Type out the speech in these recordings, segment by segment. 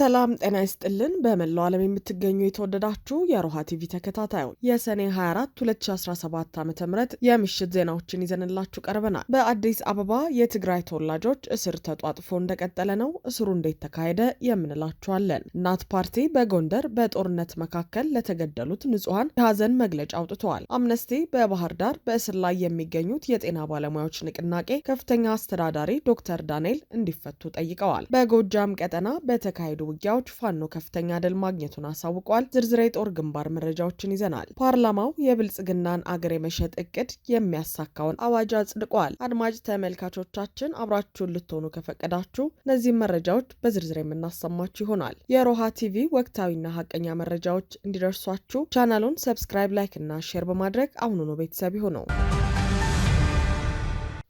ሰላም ጤና ይስጥልን። በመላው ዓለም የምትገኙ የተወደዳችሁ የሮሃ ቲቪ ተከታታዩ የሰኔ 24 2017 ዓ ም የምሽት ዜናዎችን ይዘንላችሁ ቀርበናል። በአዲስ አበባ የትግራይ ተወላጆች እስር ተጧጥፎ እንደቀጠለ ነው። እስሩ እንዴት ተካሄደ የምንላችኋለን። እናት ፓርቲ በጎንደር በጦርነት መካከል ለተገደሉት ንጹሐን የሀዘን መግለጫ አውጥተዋል። አምነስቲ በባህር ዳር በእስር ላይ የሚገኙት የጤና ባለሙያዎች ንቅናቄ ከፍተኛ አስተዳዳሪ ዶክተር ዳንኤል እንዲፈቱ ጠይቀዋል። በጎጃም ቀጠና በተካሄዱ ውጊያዎች ፋኖ ከፍተኛ ድል ማግኘቱን አሳውቋል። ዝርዝር የጦር ግንባር መረጃዎችን ይዘናል። ፓርላማው የብልጽግናን አገር የመሸጥ እቅድ የሚያሳካውን አዋጅ አጽድቋል። አድማጭ ተመልካቾቻችን አብራችሁን ልትሆኑ ከፈቀዳችሁ እነዚህም መረጃዎች በዝርዝር የምናሰማችሁ ይሆናል። የሮሃ ቲቪ ወቅታዊና ሀቀኛ መረጃዎች እንዲደርሷችሁ ቻናሉን ሰብስክራይብ፣ ላይክ እና ሼር በማድረግ አሁኑኑ ቤተሰብ ይሁነው።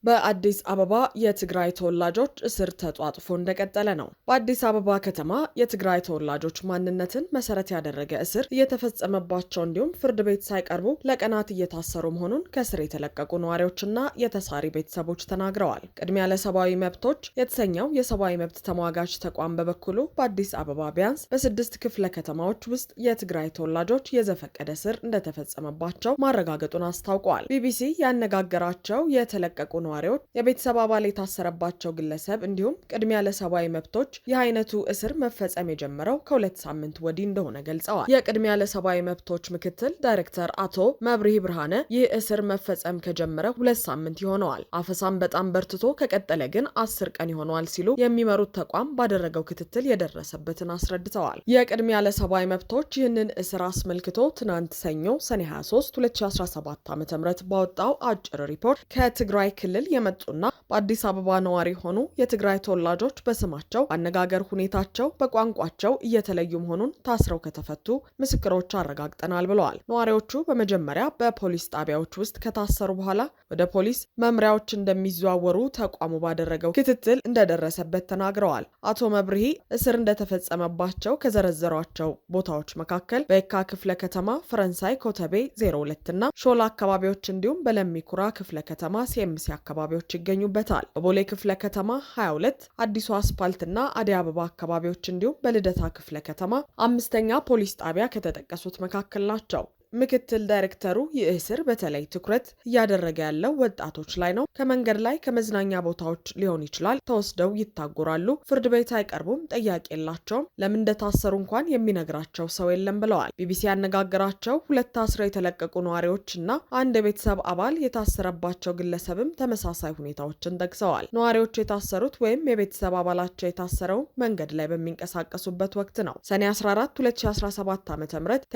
በአዲስ አበባ የትግራይ ተወላጆች እስር ተጧጥፎ እንደቀጠለ ነው። በአዲስ አበባ ከተማ የትግራይ ተወላጆች ማንነትን መሰረት ያደረገ እስር እየተፈጸመባቸው እንዲሁም ፍርድ ቤት ሳይቀርቡ ለቀናት እየታሰሩ መሆኑን ከእስር የተለቀቁ ነዋሪዎችና የተሳሪ ቤተሰቦች ተናግረዋል። ቅድሚያ ለሰብአዊ መብቶች የተሰኘው የሰብአዊ መብት ተሟጋች ተቋም በበኩሉ በአዲስ አበባ ቢያንስ በስድስት ክፍለ ከተማዎች ውስጥ የትግራይ ተወላጆች የዘፈቀደ እስር እንደተፈጸመባቸው ማረጋገጡን አስታውቋል። ቢቢሲ ያነጋገራቸው የተለቀቁ ነዋሪዎች የቤተሰብ አባል የታሰረባቸው ግለሰብ እንዲሁም ቅድሚያ ለሰብአዊ መብቶች ይህ አይነቱ እስር መፈጸም የጀመረው ከሁለት ሳምንት ወዲህ እንደሆነ ገልጸዋል። የቅድሚያ ለሰብአዊ መብቶች ምክትል ዳይሬክተር አቶ መብርሂ ብርሃነ ይህ እስር መፈጸም ከጀመረ ሁለት ሳምንት ይሆነዋል፣ አፈሳም በጣም በርትቶ ከቀጠለ ግን አስር ቀን ይሆነዋል ሲሉ የሚመሩት ተቋም ባደረገው ክትትል የደረሰበትን አስረድተዋል። የቅድሚያ ለሰብአዊ መብቶች ይህንን እስር አስመልክቶ ትናንት ሰኞ ሰኔ 23 2017 ዓ ም ባወጣው አጭር ሪፖርት ከትግራይ ክልል ክልል የመጡና በአዲስ አበባ ነዋሪ የሆኑ የትግራይ ተወላጆች በስማቸው፣ በአነጋገር ሁኔታቸው፣ በቋንቋቸው እየተለዩ መሆኑን ታስረው ከተፈቱ ምስክሮች አረጋግጠናል ብለዋል። ነዋሪዎቹ በመጀመሪያ በፖሊስ ጣቢያዎች ውስጥ ከታሰሩ በኋላ ወደ ፖሊስ መምሪያዎች እንደሚዘዋወሩ ተቋሙ ባደረገው ክትትል እንደደረሰበት ተናግረዋል። አቶ መብርሂ እስር እንደተፈጸመባቸው ከዘረዘሯቸው ቦታዎች መካከል በየካ ክፍለ ከተማ ፈረንሳይ ኮተቤ 02 እና ሾላ አካባቢዎች እንዲሁም በለሚኩራ ክፍለ ከተማ ሴምሲ አካባቢ አካባቢዎች ይገኙበታል። በቦሌ ክፍለ ከተማ 22 አዲሱ አስፓልትና አደይ አበባ አካባቢዎች እንዲሁም በልደታ ክፍለ ከተማ አምስተኛ ፖሊስ ጣቢያ ከተጠቀሱት መካከል ናቸው። ምክትል ዳይሬክተሩ ይህ ስር በተለይ ትኩረት እያደረገ ያለው ወጣቶች ላይ ነው። ከመንገድ ላይ ከመዝናኛ ቦታዎች ሊሆን ይችላል። ተወስደው ይታጎራሉ፣ ፍርድ ቤት አይቀርቡም፣ ጥያቄ የላቸውም፣ ለምን እንደታሰሩ እንኳን የሚነግራቸው ሰው የለም ብለዋል። ቢቢሲ ያነጋገራቸው ሁለት ታስረው የተለቀቁ ነዋሪዎች እና አንድ የቤተሰብ አባል የታሰረባቸው ግለሰብም ተመሳሳይ ሁኔታዎችን ጠቅሰዋል። ነዋሪዎቹ የታሰሩት ወይም የቤተሰብ አባላቸው የታሰረው መንገድ ላይ በሚንቀሳቀሱበት ወቅት ነው። ሰኔ 14 2017 ዓ ም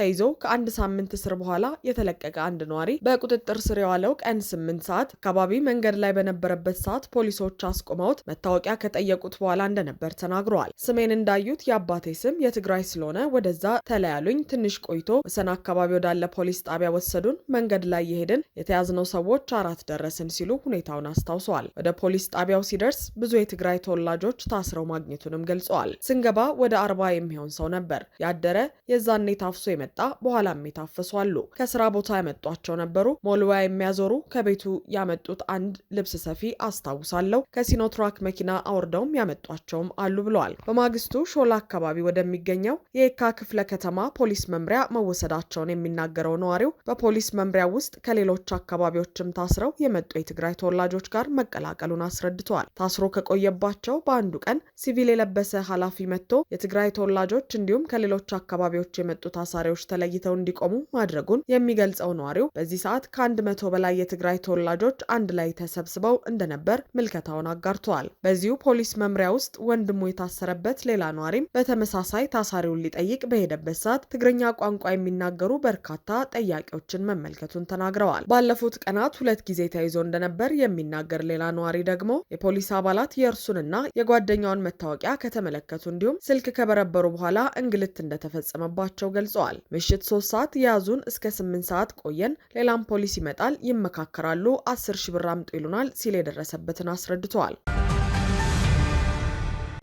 ተይዞ ከአንድ ሳምንት ከእስር በኋላ የተለቀቀ አንድ ነዋሪ በቁጥጥር ስር የዋለው ቀን ስምንት ሰዓት አካባቢ መንገድ ላይ በነበረበት ሰዓት ፖሊሶች አስቆመውት መታወቂያ ከጠየቁት በኋላ እንደነበር ተናግረዋል። ስሜን እንዳዩት የአባቴ ስም የትግራይ ስለሆነ ወደዛ ተለያሉኝ። ትንሽ ቆይቶ ወሰን አካባቢ ወዳለ ፖሊስ ጣቢያ ወሰዱን። መንገድ ላይ የሄድን የተያዝነው ሰዎች አራት ደረስን ሲሉ ሁኔታውን አስታውሰዋል። ወደ ፖሊስ ጣቢያው ሲደርስ ብዙ የትግራይ ተወላጆች ታስረው ማግኘቱንም ገልጸዋል። ስንገባ ወደ አርባ የሚሆን ሰው ነበር ያደረ። የዛኔ ታፍሶ የመጣ በኋላም የታፈሱ አሉ። ከስራ ቦታ ያመጧቸው ነበሩ። ሞልዋ የሚያዞሩ ከቤቱ ያመጡት አንድ ልብስ ሰፊ አስታውሳለሁ። ከሲኖትራክ መኪና አውርደውም ያመጧቸውም አሉ ብለዋል። በማግስቱ ሾላ አካባቢ ወደሚገኘው የየካ ክፍለ ከተማ ፖሊስ መምሪያ መወሰዳቸውን የሚናገረው ነዋሪው በፖሊስ መምሪያ ውስጥ ከሌሎች አካባቢዎችም ታስረው የመጡ የትግራይ ተወላጆች ጋር መቀላቀሉን አስረድተዋል። ታስሮ ከቆየባቸው በአንዱ ቀን ሲቪል የለበሰ ኃላፊ መጥቶ የትግራይ ተወላጆች እንዲሁም ከሌሎች አካባቢዎች የመጡ ታሳሪዎች ተለይተው እንዲቆሙ ማድረጉን የሚገልጸው ነዋሪው በዚህ ሰዓት ከአንድ መቶ በላይ የትግራይ ተወላጆች አንድ ላይ ተሰብስበው እንደነበር ምልከታውን አጋርተዋል። በዚሁ ፖሊስ መምሪያ ውስጥ ወንድሙ የታሰረበት ሌላ ነዋሪም በተመሳሳይ ታሳሪውን ሊጠይቅ በሄደበት ሰዓት ትግርኛ ቋንቋ የሚናገሩ በርካታ ጠያቂዎችን መመልከቱን ተናግረዋል። ባለፉት ቀናት ሁለት ጊዜ ተይዞ እንደነበር የሚናገር ሌላ ነዋሪ ደግሞ የፖሊስ አባላት የእርሱንና የጓደኛውን መታወቂያ ከተመለከቱ እንዲሁም ስልክ ከበረበሩ በኋላ እንግልት እንደተፈጸመባቸው ገልጸዋል። ምሽት ሶስት ሰዓት የያዙ ፖሊሱን እስከ ስምንት ሰዓት ቆየን፣ ሌላም ፖሊስ ይመጣል፣ ይመካከራሉ፣ አስር ሺህ ብር አምጡ ይሉናል ሲል የደረሰበትን አስረድተዋል።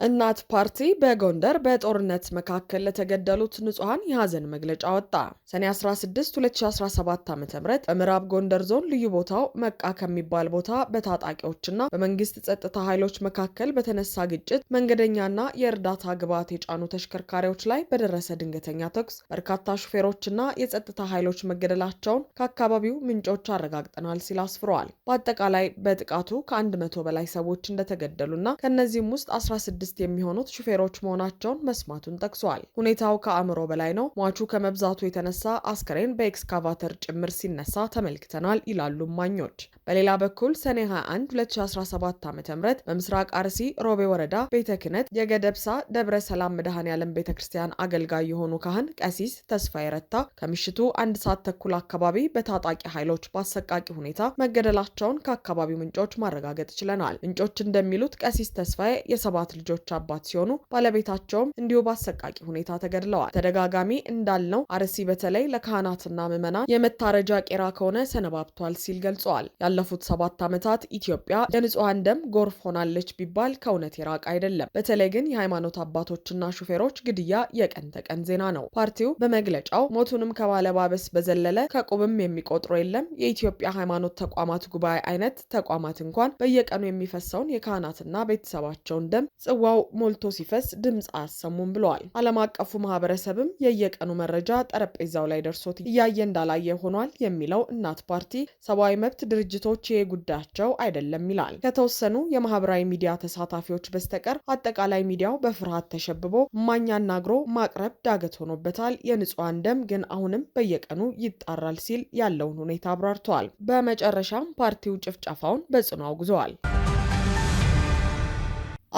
እናት ፓርቲ በጎንደር በጦርነት መካከል ለተገደሉት ንጹሐን የሐዘን መግለጫ ወጣ። ሰኔ 16 2017 ዓ ም በምዕራብ ጎንደር ዞን ልዩ ቦታው መቃ ከሚባል ቦታ በታጣቂዎችና በመንግስት ጸጥታ ኃይሎች መካከል በተነሳ ግጭት መንገደኛና የእርዳታ ግብዓት የጫኑ ተሽከርካሪዎች ላይ በደረሰ ድንገተኛ ተኩስ በርካታ ሹፌሮችና የጸጥታ ኃይሎች መገደላቸውን ከአካባቢው ምንጮች አረጋግጠናል ሲል አስፍረዋል። በአጠቃላይ በጥቃቱ ከ100 በላይ ሰዎች እንደተገደሉና ከእነዚህም ውስጥ 16 ስድስት የሚሆኑት ሹፌሮች መሆናቸውን መስማቱን ጠቅሷል። ሁኔታው ከአእምሮ በላይ ነው። ሟቹ ከመብዛቱ የተነሳ አስከሬን በኤክስካቫተር ጭምር ሲነሳ ተመልክተናል ይላሉ እማኞች። በሌላ በኩል ሰኔ 21 2017 ዓ ም በምስራቅ አርሲ ሮቤ ወረዳ ቤተ ክህነት የገደብሳ ደብረ ሰላም መድኃኔ ዓለም ቤተ ክርስቲያን አገልጋይ የሆኑ ካህን ቀሲስ ተስፋዬ ረታ ከምሽቱ አንድ ሰዓት ተኩል አካባቢ በታጣቂ ኃይሎች በአሰቃቂ ሁኔታ መገደላቸውን ከአካባቢው ምንጮች ማረጋገጥ ችለናል። ምንጮች እንደሚሉት ቀሲስ ተስፋዬ የሰባት ልጆች አባት ሲሆኑ ባለቤታቸውም እንዲሁ በአሰቃቂ ሁኔታ ተገድለዋል። ተደጋጋሚ እንዳልነው አርሲ በተለይ ለካህናትና ምዕመናን የመታረጃ ቄራ ከሆነ ሰነባብቷል ሲል ገልጸዋል። ላለፉት ሰባት ዓመታት ኢትዮጵያ የንጹሐን ደም ጎርፍ ሆናለች ቢባል ከእውነት የራቅ አይደለም። በተለይ ግን የሃይማኖት አባቶችና ሹፌሮች ግድያ የቀን ተቀን ዜና ነው። ፓርቲው በመግለጫው ሞቱንም ከማለባበስ በዘለለ ከቁብም የሚቆጥሮ የለም የኢትዮጵያ ሃይማኖት ተቋማት ጉባኤ አይነት ተቋማት እንኳን በየቀኑ የሚፈሰውን የካህናትና ቤተሰባቸውን ደም ጽዋው ሞልቶ ሲፈስ ድምፅ አያሰሙም ብለዋል። ዓለም አቀፉ ማህበረሰብም የየቀኑ መረጃ ጠረጴዛው ላይ ደርሶት እያየ እንዳላየ ሆኗል የሚለው እናት ፓርቲ ሰብአዊ መብት ድርጅት ድርጅቶች ይሄ ጉዳያቸው አይደለም ይላል። ከተወሰኑ የማህበራዊ ሚዲያ ተሳታፊዎች በስተቀር አጠቃላይ ሚዲያው በፍርሃት ተሸብቦ እማኝ አናግሮ ማቅረብ ዳገት ሆኖበታል። የንጹሐን ደም ግን አሁንም በየቀኑ ይጣራል ሲል ያለውን ሁኔታ አብራርተዋል። በመጨረሻም ፓርቲው ጭፍጨፋውን በጽኑ አውግዘዋል።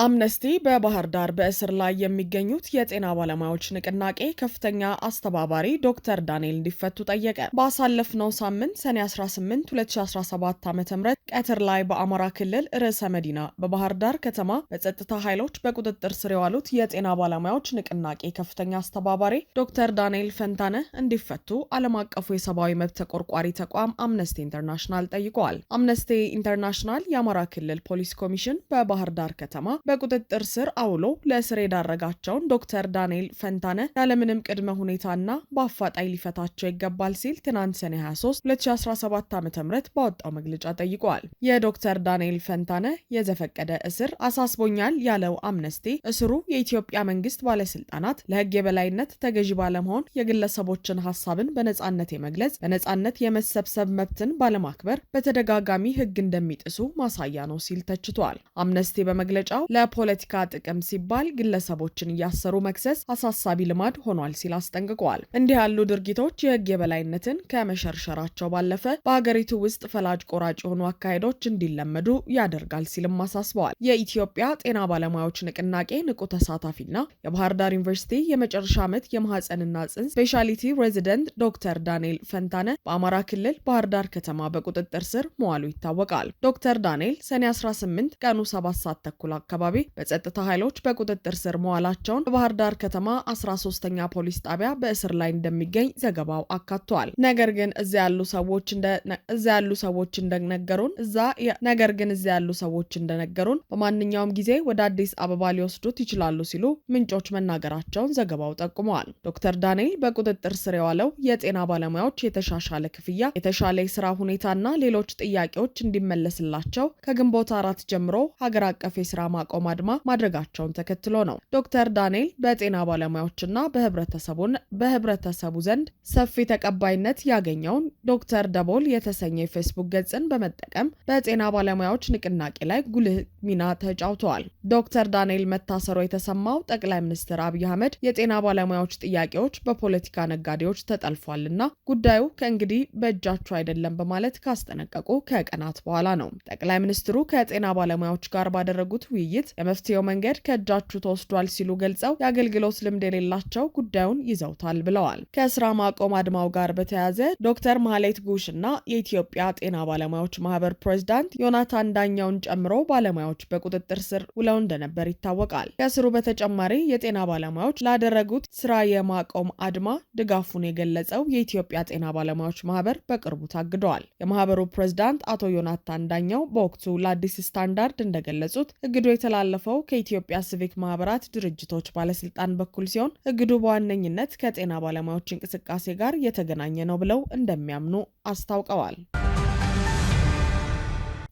አምነስቲ በባህር ዳር በእስር ላይ የሚገኙት የጤና ባለሙያዎች ንቅናቄ ከፍተኛ አስተባባሪ ዶክተር ዳንኤል እንዲፈቱ ጠየቀ። ባሳለፍነው ሳምንት ሰኔ 18 2017 ዓ ም ቀትር ላይ በአማራ ክልል ርዕሰ መዲና በባህር ዳር ከተማ በጸጥታ ኃይሎች በቁጥጥር ስር የዋሉት የጤና ባለሙያዎች ንቅናቄ ከፍተኛ አስተባባሪ ዶክተር ዳንኤል ፈንታነ እንዲፈቱ ዓለም አቀፉ የሰብአዊ መብት ተቆርቋሪ ተቋም አምነስቲ ኢንተርናሽናል ጠይቀዋል። አምነስቲ ኢንተርናሽናል የአማራ ክልል ፖሊስ ኮሚሽን በባህር ዳር ከተማ በቁጥጥር ስር አውሎ ለእስር የዳረጋቸውን ዶክተር ዳንኤል ፈንታነ ያለምንም ቅድመ ሁኔታና በአፋጣኝ ሊፈታቸው ይገባል ሲል ትናንት ሰኔ 23 2017 ዓ ም ባወጣው መግለጫ ጠይቋል። የዶክተር ዳንኤል ፈንታነ የዘፈቀደ እስር አሳስቦኛል ያለው አምነስቲ እስሩ የኢትዮጵያ መንግስት ባለስልጣናት ለህግ የበላይነት ተገዢ ባለመሆን የግለሰቦችን ሀሳብን በነጻነት የመግለጽ በነጻነት የመሰብሰብ መብትን ባለማክበር በተደጋጋሚ ህግ እንደሚጥሱ ማሳያ ነው ሲል ተችቷል። አምነስቲ በመግለጫው ለፖለቲካ ጥቅም ሲባል ግለሰቦችን እያሰሩ መክሰስ አሳሳቢ ልማድ ሆኗል ሲል አስጠንቅቀዋል። እንዲህ ያሉ ድርጊቶች የህግ የበላይነትን ከመሸርሸራቸው ባለፈ በሀገሪቱ ውስጥ ፈላጭ ቆራጭ የሆኑ አካሄዶች እንዲለመዱ ያደርጋል ሲልም አሳስበዋል። የኢትዮጵያ ጤና ባለሙያዎች ንቅናቄ ንቁ ተሳታፊና የባህር ዳር ዩኒቨርሲቲ የመጨረሻ ዓመት የማህፀንና ጽንስ ስፔሻሊቲ ሬዚደንት ዶክተር ዳንኤል ፈንታነ በአማራ ክልል ባህር ዳር ከተማ በቁጥጥር ስር መዋሉ ይታወቃል። ዶክተር ዳንኤል ሰኔ 18 ቀኑ 7 ሰዓት ተኩል አካባቢ አካባቢ በጸጥታ ኃይሎች በቁጥጥር ስር መዋላቸውን በባህር ዳር ከተማ 13 ሶስተኛ ፖሊስ ጣቢያ በእስር ላይ እንደሚገኝ ዘገባው አካቷል። ነገር ግን እዚያ ያሉ ሰዎች እዛ ያሉ ሰዎች እንደነገሩን እዛ ነገር ግን እዚያ ያሉ ሰዎች እንደነገሩን በማንኛውም ጊዜ ወደ አዲስ አበባ ሊወስዱት ይችላሉ ሲሉ ምንጮች መናገራቸውን ዘገባው ጠቁመዋል። ዶክተር ዳንኤል በቁጥጥር ስር የዋለው የጤና ባለሙያዎች የተሻሻለ ክፍያ፣ የተሻለ የስራ ሁኔታና ሌሎች ጥያቄዎች እንዲመለስላቸው ከግንቦት አራት ጀምሮ ሀገር አቀፍ የስራ ማቆ የማቆም አድማ ማድረጋቸውን ተከትሎ ነው። ዶክተር ዳንኤል በጤና ባለሙያዎችና በህብረተሰቡን በህብረተሰቡ ዘንድ ሰፊ ተቀባይነት ያገኘውን ዶክተር ደቦል የተሰኘ የፌስቡክ ገጽን በመጠቀም በጤና ባለሙያዎች ንቅናቄ ላይ ጉልህ ሚና ተጫውተዋል። ዶክተር ዳንኤል መታሰሩ የተሰማው ጠቅላይ ሚኒስትር አብይ አህመድ የጤና ባለሙያዎች ጥያቄዎች በፖለቲካ ነጋዴዎች ተጠልፏልና ጉዳዩ ከእንግዲህ በእጃቸው አይደለም በማለት ካስጠነቀቁ ከቀናት በኋላ ነው። ጠቅላይ ሚኒስትሩ ከጤና ባለሙያዎች ጋር ባደረጉት ውይይት በማለት የመፍትሄው መንገድ ከእጃችሁ ተወስዷል ሲሉ ገልጸው የአገልግሎት ልምድ የሌላቸው ጉዳዩን ይዘውታል ብለዋል። ከስራ ማቆም አድማው ጋር በተያያዘ ዶክተር ማህሌት ጉሽ እና የኢትዮጵያ ጤና ባለሙያዎች ማህበር ፕሬዚዳንት ዮናታን ዳኛውን ጨምሮ ባለሙያዎች በቁጥጥር ስር ውለው እንደነበር ይታወቃል። ከእስሩ በተጨማሪ የጤና ባለሙያዎች ላደረጉት ስራ የማቆም አድማ ድጋፉን የገለጸው የኢትዮጵያ ጤና ባለሙያዎች ማህበር በቅርቡ ታግደዋል። የማህበሩ ፕሬዚዳንት አቶ ዮናታን ዳኛው በወቅቱ ለአዲስ ስታንዳርድ እንደገለጹት እግዱ የተላለፈው ከኢትዮጵያ ሲቪክ ማህበራት ድርጅቶች ባለስልጣን በኩል ሲሆን እግዱ በዋነኝነት ከጤና ባለሙያዎች እንቅስቃሴ ጋር የተገናኘ ነው ብለው እንደሚያምኑ አስታውቀዋል።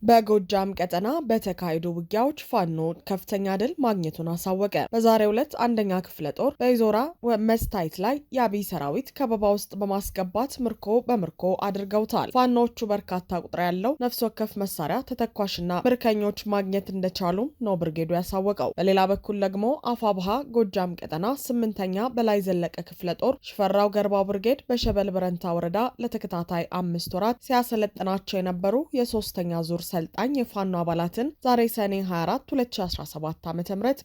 በጎጃም ቀጠና በተካሄዱ ውጊያዎች ፋኖ ከፍተኛ ድል ማግኘቱን አሳወቀ። በዛሬው ዕለት አንደኛ ክፍለ ጦር በይዞራ መስታይት ላይ የአብይ ሰራዊት ከበባ ውስጥ በማስገባት ምርኮ በምርኮ አድርገውታል። ፋኖዎቹ በርካታ ቁጥር ያለው ነፍስ ወከፍ መሳሪያ ተተኳሽና ምርከኞች ማግኘት እንደቻሉም ነው ብርጌዱ ያሳወቀው። በሌላ በኩል ደግሞ አፋብሃ ጎጃም ቀጠና ስምንተኛ በላይ ዘለቀ ክፍለ ጦር ሽፈራው ገርባው ብርጌድ በሸበል በረንታ ወረዳ ለተከታታይ አምስት ወራት ሲያሰለጥናቸው የነበሩ የሶስተኛ ዙር አሰልጣኝ የፋኖ አባላትን ዛሬ ሰኔ 24 2017 ዓ ም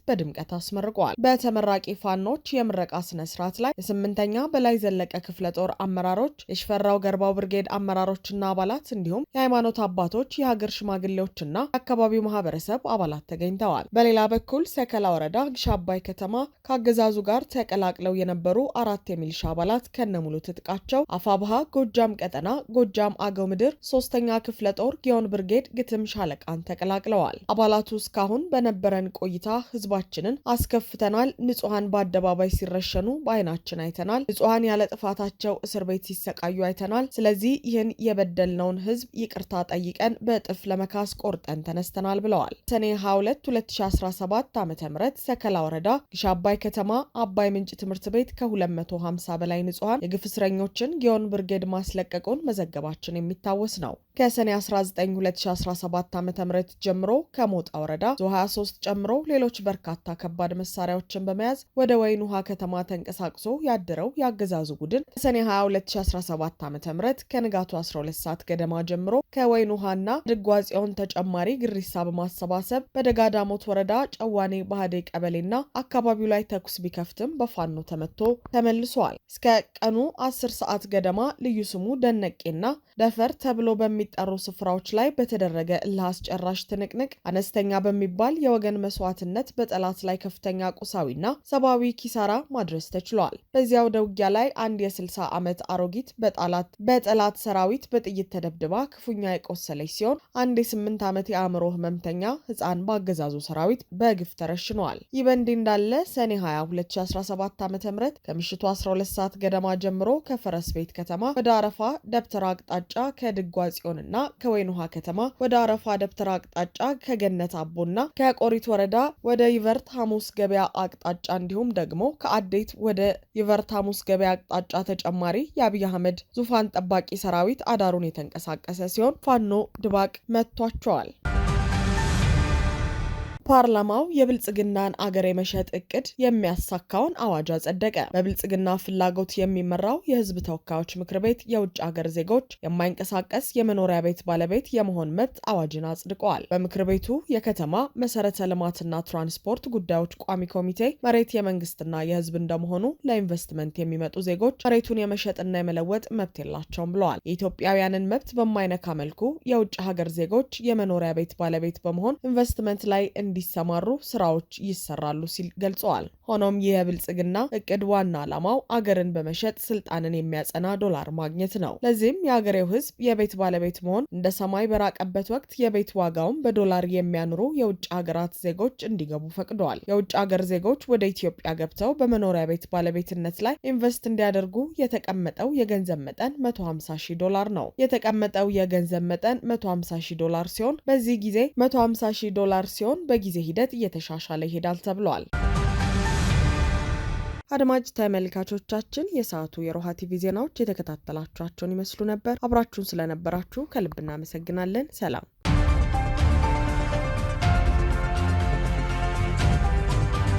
በድምቀት አስመርቀዋል። በተመራቂ ፋኖች የምረቃ ስነ ስርዓት ላይ የስምንተኛ በላይ ዘለቀ ክፍለ ጦር አመራሮች፣ የሽፈራው ገርባው ብርጌድ አመራሮችና አባላት እንዲሁም የሃይማኖት አባቶች፣ የሀገር ሽማግሌዎችና የአካባቢው ማህበረሰብ አባላት ተገኝተዋል። በሌላ በኩል ሰከላ ወረዳ ግሻ አባይ ከተማ ከአገዛዙ ጋር ተቀላቅለው የነበሩ አራት የሚሊሻ አባላት ከነሙሉ ትጥቃቸው አፋብሃ ጎጃም ቀጠና ጎጃም አገው ምድር ሶስተኛ ክፍለ ጦር ጊዮን ብርጌድ ግትም ሻለቃን ተቀላቅለዋል። አባላቱ እስካሁን በነበረን ቆይታ ህዝባችንን አስከፍተናል። ንጹሐን በአደባባይ ሲረሸኑ በአይናችን አይተናል። ንጹሐን ያለ ጥፋታቸው እስር ቤት ሲሰቃዩ አይተናል። ስለዚህ ይህን የበደልነውን ህዝብ ይቅርታ ጠይቀን በእጥፍ ለመካስ ቆርጠን ተነስተናል ብለዋል። ሰኔ 22 2017 ዓ ም ሰከላ ወረዳ ግሽ አባይ ከተማ አባይ ምንጭ ትምህርት ቤት ከ250 በላይ ንጹሐን የግፍ እስረኞችን ጊዮን ብርጌድ ማስለቀቁን መዘገባችን የሚታወስ ነው። ከሰኔ 19 2017 ዓ ም ጀምሮ ከሞጣ ወረዳ ዞ 23 ጨምሮ ሌሎች በርካታ ከባድ መሳሪያዎችን በመያዝ ወደ ወይን ውሃ ከተማ ተንቀሳቅሶ ያደረው የአገዛዙ ቡድን ሰኔ 22 2017 ዓ ም ከንጋቱ 12 ሰዓት ገደማ ጀምሮ ከወይን ውሃና ድጓጽዮን ተጨማሪ ግሪሳ በማሰባሰብ በደጋዳሞት ወረዳ ጨዋኔ ባህዴ ቀበሌና አካባቢው ላይ ተኩስ ቢከፍትም በፋኖ ተመቶ ተመልሷል። እስከ ቀኑ 10 ሰዓት ገደማ ልዩ ስሙ ደነቄና ደፈር ተብሎ በሚጠሩ ስፍራዎች ላይ በተደረ በተደረገ እልህ ጨራሽ ትንቅንቅ አነስተኛ በሚባል የወገን መስዋዕትነት በጠላት ላይ ከፍተኛ ቁሳዊና ሰብአዊ ኪሳራ ማድረስ ተችሏል። በዚያው ደውጊያ ላይ አንድ የ60 ዓመት አሮጊት በጣላት በጠላት ሰራዊት በጥይት ተደብድባ ክፉኛ የቆሰለች ሲሆን አንድ የ8 ዓመት የአእምሮ ህመምተኛ ህፃን በአገዛዙ ሰራዊት በግፍ ተረሽኗል። ይህ በእንዲህ እንዳለ ሰኔ 20 2017 ዓ ም ከምሽቱ 12 ሰዓት ገደማ ጀምሮ ከፈረስ ቤት ከተማ ወደ አረፋ ደብተራ አቅጣጫ ከድጓ ጽዮንና ከወይን ውሃ ከተማ ወደ አረፋ ደብተር አቅጣጫ ከገነት አቦና ከቆሪት ወረዳ ወደ ይቨርት ሐሙስ ገበያ አቅጣጫ እንዲሁም ደግሞ ከአዴት ወደ ይቨርት ሐሙስ ገበያ አቅጣጫ ተጨማሪ የአብይ አህመድ ዙፋን ጠባቂ ሰራዊት አዳሩን የተንቀሳቀሰ ሲሆን ፋኖ ድባቅ መቷቸዋል። ፓርላማው የብልጽግናን አገር የመሸጥ እቅድ የሚያሳካውን አዋጅ አጸደቀ። በብልጽግና ፍላጎት የሚመራው የህዝብ ተወካዮች ምክር ቤት የውጭ አገር ዜጎች የማይንቀሳቀስ የመኖሪያ ቤት ባለቤት የመሆን መብት አዋጅን አጽድቀዋል። በምክር ቤቱ የከተማ መሰረተ ልማትና ትራንስፖርት ጉዳዮች ቋሚ ኮሚቴ መሬት የመንግስትና የህዝብ እንደመሆኑ ለኢንቨስትመንት የሚመጡ ዜጎች መሬቱን የመሸጥና የመለወጥ መብት የላቸውም ብለዋል። የኢትዮጵያውያንን መብት በማይነካ መልኩ የውጭ ሀገር ዜጎች የመኖሪያ ቤት ባለቤት በመሆን ኢንቨስትመንት ላይ እንዲሰማሩ ስራዎች ይሰራሉ ሲል ገልጸዋል። ሆኖም ይህ የብልጽግና እቅድ ዋና ዓላማው አገርን በመሸጥ ስልጣንን የሚያጸና ዶላር ማግኘት ነው። ለዚህም የአገሬው ህዝብ የቤት ባለቤት መሆን እንደ ሰማይ በራቀበት ወቅት የቤት ዋጋውን በዶላር የሚያኑሩ የውጭ ሀገራት ዜጎች እንዲገቡ ፈቅደዋል። የውጭ ሀገር ዜጎች ወደ ኢትዮጵያ ገብተው በመኖሪያ ቤት ባለቤትነት ላይ ኢንቨስት እንዲያደርጉ የተቀመጠው የገንዘብ መጠን 150 ሺህ ዶላር ነው። የተቀመጠው የገንዘብ መጠን 150 ሺህ ዶላር ሲሆን በዚህ ጊዜ 150 ሺህ ዶላር ሲሆን በ በጊዜ ሂደት እየተሻሻለ ይሄዳል ተብሏል። አድማጭ ተመልካቾቻችን የሰዓቱ የሮሃ ቲቪ ዜናዎች የተከታተላችኋቸውን ይመስሉ ነበር። አብራችሁን ስለነበራችሁ ከልብ እናመሰግናለን። ሰላም